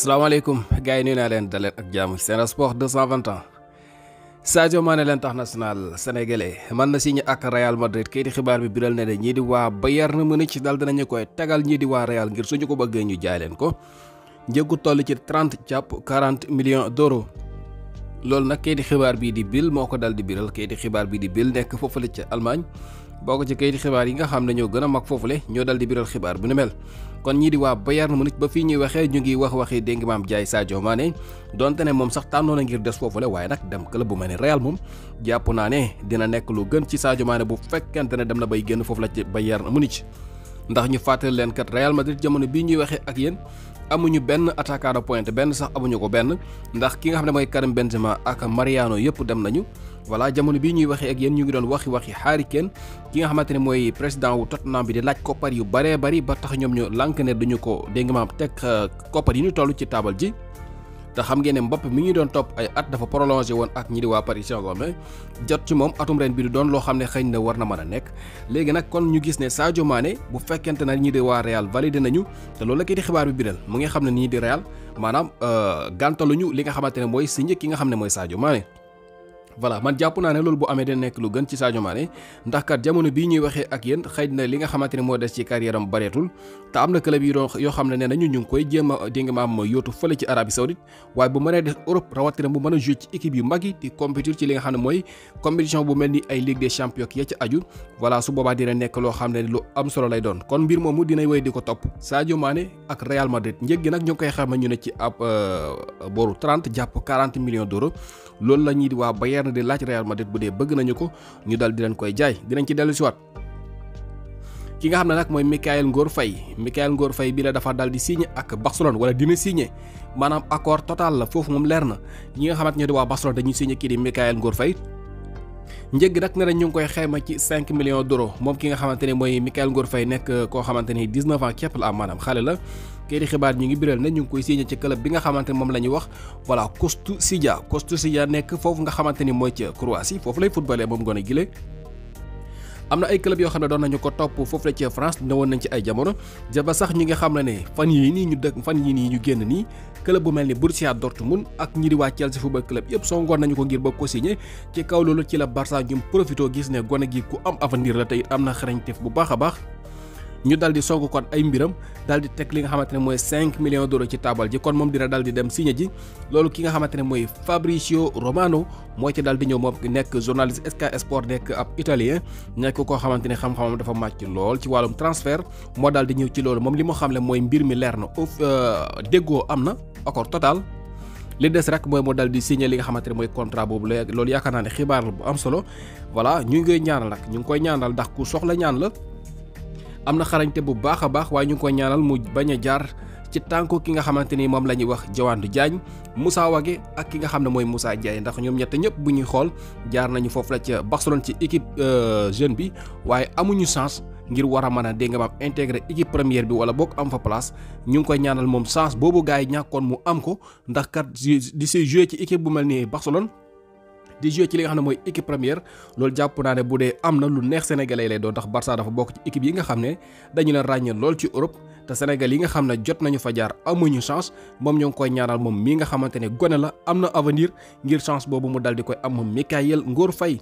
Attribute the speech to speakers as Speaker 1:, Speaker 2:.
Speaker 1: salaamaaleykum gars yi nuyu naa leen daleen ak jaamu Sen Sport 221 ans Sadio Mané l'international sénégalais mën na signé ak Real Madrid kii xibaar bi biral ne ne ñii di waa Bayern Munich daal dinañu koy tegal ñii di waa Real ngir ñu ko bëggee ñu jaay leen ko njëgu toll ci 30 jàpp 40 millions d'euros loolu nag kii di xibaar bii di Bild moo ko dal di biral kii di xibaar bii di Bild nekk foofule ca Allemagne bokk ci kayiti xibaar yi nga xam ne ñoo gën a mag foofule ñoo dal di biral xibaar bu ni mel kon ñii di waa Bayern Munich ba fii ñuy waxee ñu ngi wax waxi dégg maam jaay Sadio Mané donte ne moom sax tànnoon na ngir des foofule waaye nag dem club bu mel ne Real moom jàpp naa ne dina nekk lu gën ci Sadio Mané bu fekkente ne dem na bay génn foofu la ba ci Bayern Munich ndax ñu fàttali leen kat Real Madrid jamono bii ñuy waxee ak yéen amuñu benn attaquant de pointe benn sax amuñu ko benn ndax ki nga xam ne mooy Karim Benzema ak Mariano yëpp dem nañu. voilà jamono bii ñuy waxee ak yéen ñu ngi doon waxi waxi Harry kenn ki nga xamante ne mooy président wu Tottenham bi di laaj koppar yu baree bari ba tax ñoom ñu lànk ne duñu ko dégg nga maam teg euh, koppar yi ñu toll ci taabal ji. te xam ngeen ne Mbappé mi ñu doon topp ay at dafa prolongé woon ak ñi di waa Paris Saint-Germain jot ci moom atum ren bi du doon loo xam ne xëy na war na mën a nekk léegi nag kon ñu gis ne Sadio Mané bu fekkente na ñi di waa Real validé nañu te loolu la kii di xibaar bi biral mu ngi xam ne nii di Real maanaam euh, gàntaluñu li nga xamante ne mooy signé ki nga xam ne mooy Sadio Mané voilà man jàpp naa ne loolu bu amee dina nekk lu gën ci Sadio Mané ndax kat jamono bii ñuy waxee ak yéen xëy na li nga xamante moo des ci carrière am bareetul te am na club yi doon yoo xam ne nee nañu ñu ngi koy jéem a di nga maam yóotu fële ci Arabie Saoudite bu mënee des Europe rawatina bu mën a joué ci yu mag yi di compétir ci li nga xam ne mooy compétition bu mel ni ay Ligue des Champions ya ci aju voilà su boobaa dina nekk loo xam ne lu am solo lay doon kon mbir moomu dinay wéy di ko topp Sadio Mané ak Real Madrid ñeeg gi nak ñu ngi koy xayma ñu ne ci ab euh, boru 30 japp 40 millions d'euros loolu lañuy di wa Bayern di laaj Real Madrid bu dé bëgg nañu ko ñu dal di leen koy jaay dinañ ci delu ci wat ki nga xam ne nag mooy Mikayil Ngor Fay Michael Ngor Fay bi la dafa dal di signé ak Barcelone wala dina signé manam accord total la fofu mom leer na ñi nga xamant ñu di wa Barcelone dañuy signé ki di Michael Ngor Fay njëg nag ne na ñu ngi koy xayma ci 5 millions d'euros moom ki nga xamante ne mooy Michael Ngor Faye nekk euh, koo xamante ni 19 ans képp la am maanaam xale la kii xibaar ñu ngi biral na ñu ngi koy signé ci club bi nga xamante ne moom la ñuy wax voilà Kostu Sidja Kostu Sidja nekk foofu nga xamante ni mooy ca Croatie foofu lay footballé moom gone gile am na ay club yoo xam ne doon nañu ko topp foofu la ci France newoon nañ ci ay jamono jaba sax ñi nga xam ne ne fan yii nii ñu dëkk fan yii nii ñu génn nii club bu mel ni Borussia Dortmund ak ñi di waa Chelsea football club yëpp songoon nañu ko ngir bëgg ko signé ci kaw loolu ci la Barça ñu profité gis ne gone gi ku am avenir la te it am na xarañteef bu baax a baax ñu daldi di sogu kon ay mbiram dal tek li nga xamantene moy 5 millions d'euros ci table ji kon mom dina dal di dem signé ji lolu ki nga xamantene moy Fabrizio Romano mo ci daldi ñew mom nek journaliste SK Sport nek ab italien nek ko xamantene xam xamam dafa match lool ci walum transfert mo daldi ñew ci lool mom limu xamle moy mbir mi euh amna accord total li dess rek moy mo dal di signer li nga xamantene moy contrat bobu lolou yakarna ni xibar bu am solo voilà ñu ngi ñaanal nak ñu ngi koy ñaanal ndax ku soxla ñaan la amna xarañte bu baax baax waaye ñu ko ñaanal mu baña jaar ci tànku ki nga xamanteni mom lañuy wax Jawandu jañ Moussa Wagué ak ki nga xamne moy mooy Moussa Diaye ndax ñom ñet ñep bu ñuy xol jaar nañu fofu la ci Barcelone ci équipe euh, jeune bi waye amuñu chance ngir wara mëna nga bam intégré équipe première bi wala bok am fa place ñu ngi koy ñaanal mom chance bobu gaay mu am ko ndax kat di si joué ci équipe bu melni Barcelone di jouer ci li nga xam ne mooy équipe première loolu jàpp naa ne bu dee am na lu neex sénégalais lay doon ndax Barça dafa bokk ci équipe yi nga xam ne dañu leen ràññee lool ci Europe te Sénégal yi nga xam ne jot nañu fa jaar amuñu chance moom ñoo ngi koy ñaanal moom mii nga xamante ne gone la am na avenir ngir chance boobu mu dal di koy am moom Mikayil Ngor fay